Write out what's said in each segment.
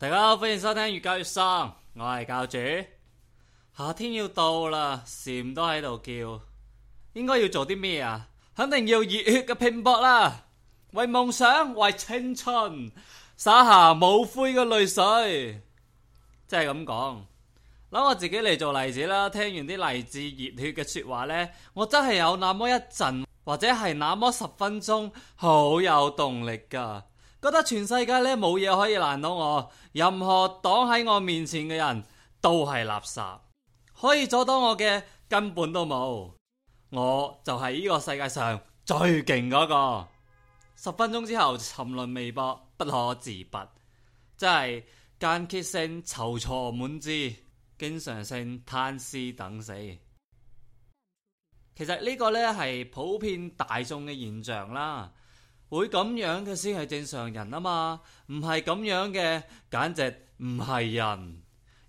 大家好，歡迎收聽越教越生，我係教主。夏天要到啦，蟬都喺度叫，應該要做啲咩啊？肯定要熱血嘅拼搏啦，為夢想，為青春，灑下冇悔嘅淚水。即係咁講，諗我自己嚟做例子啦。聽完啲勵志熱血嘅說話呢，我真係有那麼一陣，或者係那麼十分鐘，好有動力㗎。覺得全世界咧冇嘢可以難到我，任何擋喺我面前嘅人都係垃圾，可以阻擋我嘅根本都冇，我就係呢個世界上最勁嗰個。十分鐘之後沉淪微博不可自拔，真係間歇性躊躇滿志，經常性嘆氣等死。其實呢個呢係普遍大眾嘅現象啦。會咁樣嘅先係正常人啊嘛，唔係咁樣嘅簡直唔係人。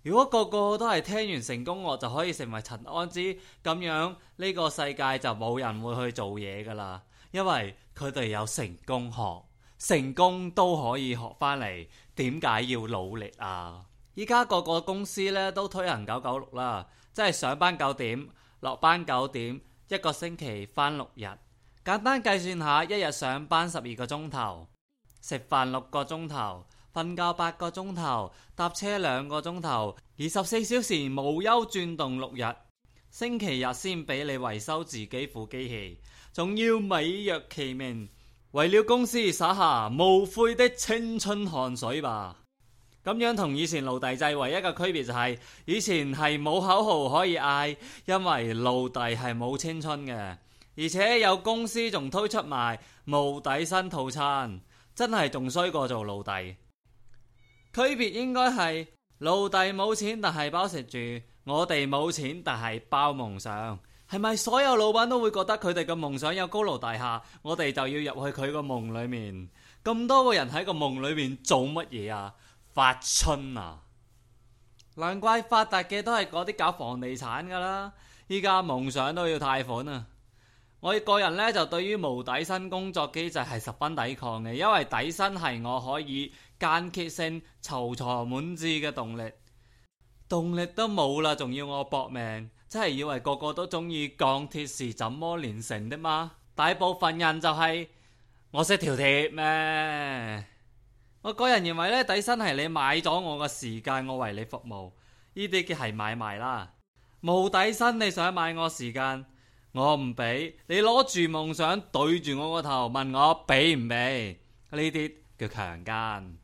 如果個個都係聽完成功學就可以成為陳安之咁樣，呢個世界就冇人會去做嘢噶啦，因為佢哋有成功學，成功都可以學翻嚟，點解要努力啊？依家個個公司呢都推行九九六啦，即係上班九點，落班九點，一個星期翻六日。簡單計算下，一日上班十二個鐘頭，食飯六個鐘頭，瞓覺八個鐘頭，搭車兩個鐘頭，二十四小時無休轉動六日，星期日先俾你維修自己副機器，仲要美若其名，為了公司灑下無悔的青春汗水吧。咁樣同以前奴隸制唯一嘅區別就係，以前係冇口號可以嗌，因為奴隸係冇青春嘅。而且有公司仲推出埋無底薪套餐，真係仲衰過做奴隸。區別應該係奴隸冇錢但係包食住，我哋冇錢但係包夢想。係咪所有老闆都會覺得佢哋嘅夢想有高樓大廈？我哋就要入去佢個夢裏面，咁多人個人喺個夢裏面做乜嘢啊？發春啊！難怪發達嘅都係嗰啲搞房地產噶啦。依家，夢想都要貸款啊！我個人呢，就對於無底薪工作機制係十分抵抗嘅，因為底薪係我可以間歇性躊躇滿志嘅動力，動力都冇啦，仲要我搏命，真係以為個個都中意鋼鐵是怎麼煉成的嗎？大部分人就係我識條鐵咩？我個人認為呢，底薪係你買咗我個時間，我為你服務，呢啲嘅係買賣啦。無底薪，你想買我時間？我唔俾你攞住夢想對住我個頭問我俾唔俾。呢啲叫強奸，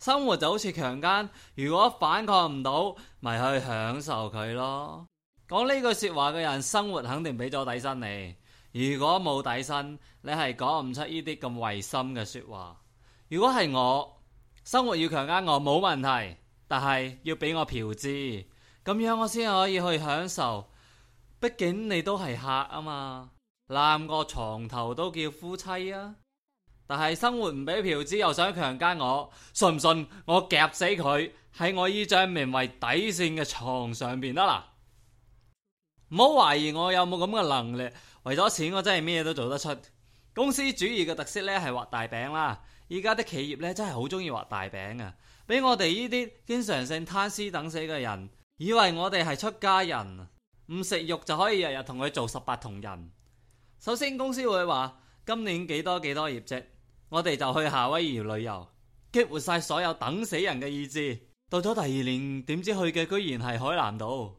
生活就好似強奸，如果反抗唔到，咪去享受佢咯。講呢句說話嘅人，生活肯定俾咗底薪你。如果冇底薪，你係講唔出呢啲咁違心嘅說話。如果係我，生活要強奸我冇問題，但係要俾我嫖資，咁樣我先可以去享受。畢竟你都係客啊嘛，攬個床頭都叫夫妻啊。但係生活唔俾嫖資又想強姦我，信唔信我夾？我夾死佢喺我呢張名為底線嘅床上邊得啦。唔好懷疑我有冇咁嘅能力，為咗錢我真係咩都做得出。公司主義嘅特色呢係畫大餅啦。而家啲企業呢，真係好中意畫大餅啊，俾我哋呢啲經常性攤屍等死嘅人以為我哋係出家人。唔食肉就可以日日同佢做十八銅人。首先公司會話今年幾多幾多業績，我哋就去夏威夷旅遊，激活晒所有等死人嘅意志。到咗第二年，點知去嘅居然係海南島，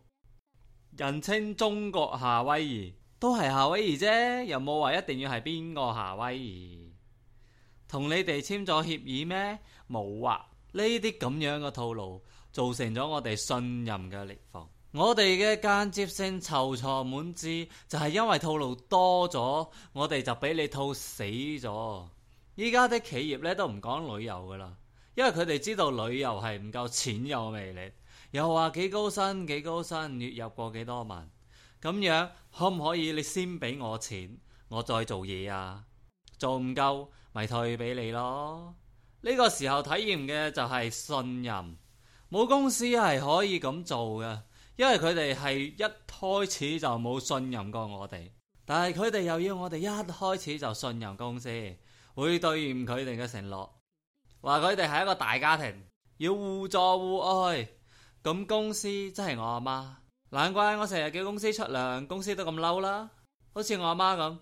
人稱中國夏威夷，都係夏威夷啫，又冇話一定要係邊個夏威夷。同你哋簽咗協議咩？冇啊！呢啲咁樣嘅套路，造成咗我哋信任嘅裂縫。我哋嘅間歇性躊躇滿志就係、是，因為套路多咗，我哋就俾你套死咗。依家啲企業咧都唔講旅遊噶啦，因為佢哋知道旅遊係唔夠錢有魅力，又話幾高薪幾高薪，月入過幾多萬咁樣，可唔可以？你先俾我錢，我再做嘢啊，做唔夠咪退俾你咯。呢、這個時候體驗嘅就係信任，冇公司係可以咁做噶因為佢哋係一開始就冇信任過我哋，但係佢哋又要我哋一開始就信任公司，會兌現佢哋嘅承諾，話佢哋係一個大家庭，要互助互愛，咁公司真係我阿媽，難怪我成日叫公司出糧，公司都咁嬲啦，好似我阿媽咁，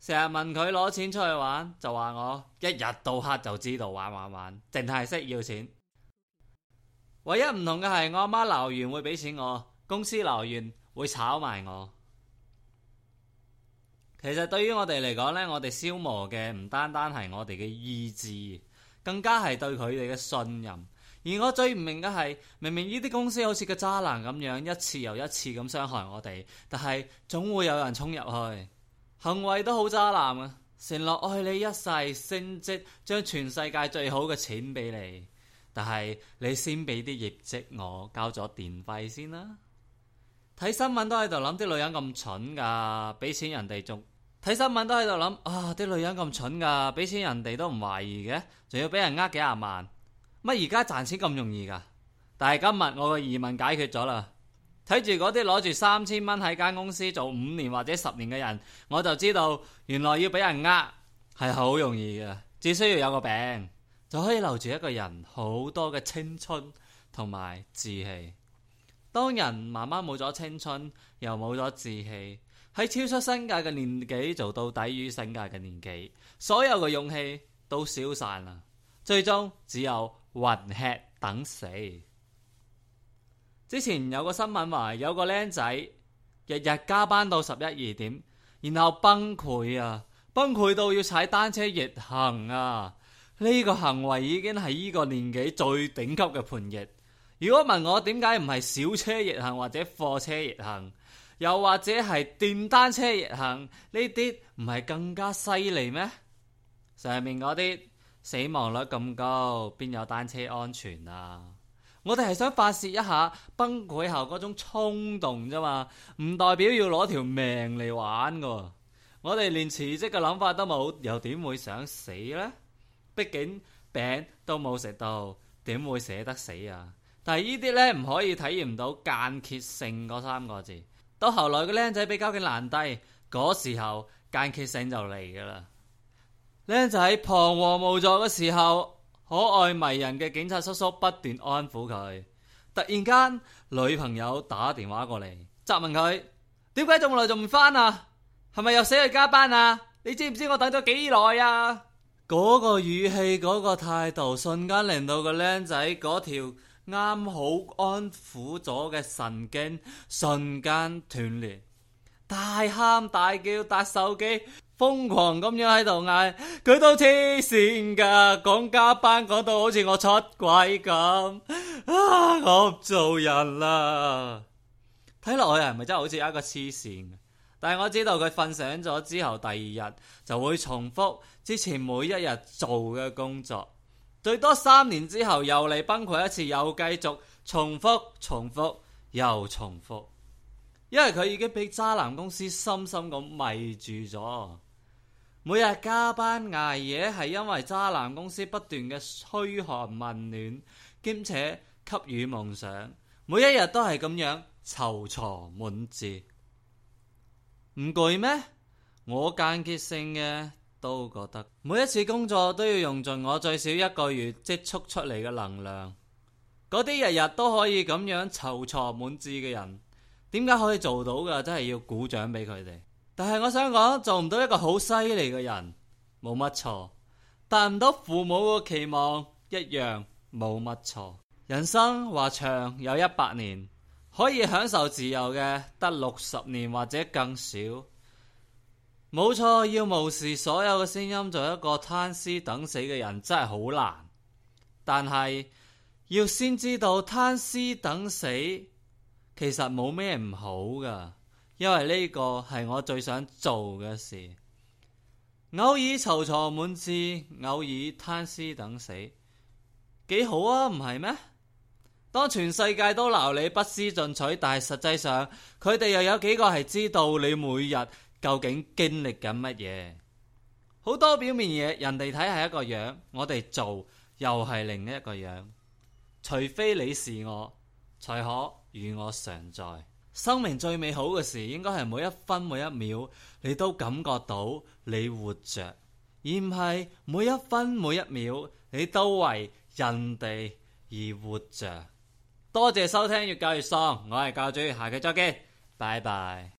成日問佢攞錢出去玩，就話我一日到黑就知道玩玩玩，淨係識要錢，唯一唔同嘅係我阿媽鬧完會俾錢我。公司留言會炒埋我。其實對於我哋嚟講呢，我哋消磨嘅唔單單係我哋嘅意志，更加係對佢哋嘅信任。而我最唔明嘅係，明明呢啲公司好似個渣男咁樣，一次又一次咁傷害我哋，但係總會有人衝入去，行為都好渣男啊！承諾愛你一世、升職、將全世界最好嘅錢俾你，但係你先俾啲業績，我交咗電費先啦。睇新聞都喺度諗，啲女人咁蠢噶，俾錢人哋仲睇新聞都喺度諗啊，啲女人咁蠢噶，俾錢人哋都唔懷疑嘅，仲要俾人呃幾十萬，乜而家賺錢咁容易噶？但係今日我個疑問解決咗啦，睇住嗰啲攞住三千蚊喺間公司做五年或者十年嘅人，我就知道原來要俾人呃係好容易嘅，只需要有個餅就可以留住一個人好多嘅青春同埋志氣。當人慢慢冇咗青春，又冇咗志氣，喺超出新界嘅年紀做到低於新界嘅年紀，所有嘅勇氣都消散啦，最終只有混吃等死。之前有個新聞話，有個僆仔日日加班到十一二點，然後崩潰啊，崩潰到要踩單車逆行啊，呢個行為已經係呢個年紀最頂級嘅叛逆。如果問我點解唔係小車逆行或者貨車逆行，又或者係電單車逆行，呢啲唔係更加犀利咩？上面嗰啲死亡率咁高，邊有單車安全啊？我哋係想發洩一下崩潰後嗰種衝動啫嘛，唔代表要攞條命嚟玩噶。我哋連辭職嘅諗法都冇，又點會想死呢？畢竟餅都冇食到，點會捨得死啊？但係呢啲咧唔可以體驗到間歇性嗰三個字。到後來個靚仔俾交警攔低嗰時候，間歇性就嚟噶啦。靚仔彷徨無助嘅時候，可愛迷人嘅警察叔叔不斷安撫佢。突然間，女朋友打電話過嚟，責問佢點解仲耐仲唔返啊？係咪又死去加班啊？你知唔知我等咗幾耐啊？嗰個語氣，嗰個態度，瞬間令到個靚仔嗰條。啱好安撫咗嘅神經，瞬間斷裂，大喊大叫，搭手機，瘋狂咁樣喺度嗌佢都痴線噶，講加班講到好似我出軌咁，啊，我做人啦，睇落去係咪真係好似一個痴線？但係我知道佢瞓醒咗之後，第二日就會重複之前每一日做嘅工作。最多三年之後又嚟崩潰一次，又繼續重複重複又重複，因為佢已經俾渣男公司深深咁迷住咗。每日加班捱夜係因為渣男公司不斷嘅噓寒問暖，兼且給予夢想，每一日都係咁樣躊躇滿志。唔攰咩？我間歇性嘅。都覺得每一次工作都要用盡我最少一個月積蓄出嚟嘅能量。嗰啲日日都可以咁樣躊躇滿志嘅人，點解可以做到嘅？真係要鼓掌俾佢哋。但係我想講，做唔到一個好犀利嘅人，冇乜錯；達唔到父母嘅期望，一樣冇乜錯。人生話長有一百年，可以享受自由嘅得六十年或者更少。冇錯，要無視所有嘅聲音，做一個攤屍等死嘅人，真係好難。但係要先知道攤屍等死其實冇咩唔好噶，因為呢個係我最想做嘅事。偶爾躊躇滿志，偶爾攤屍等死，幾好啊，唔係咩？當全世界都鬧你不思進取，但係實際上佢哋又有幾個係知道你每日？究竟經歷緊乜嘢？好多表面嘢，人哋睇係一個樣，我哋做又係另一個樣。除非你是我，才可與我常在。生命最美好嘅事，應該係每一分每一秒你都感覺到你活着，而唔係每一分每一秒你都為人哋而活着。多謝收聽《越教越喪》，我係教主，下期再見，拜拜。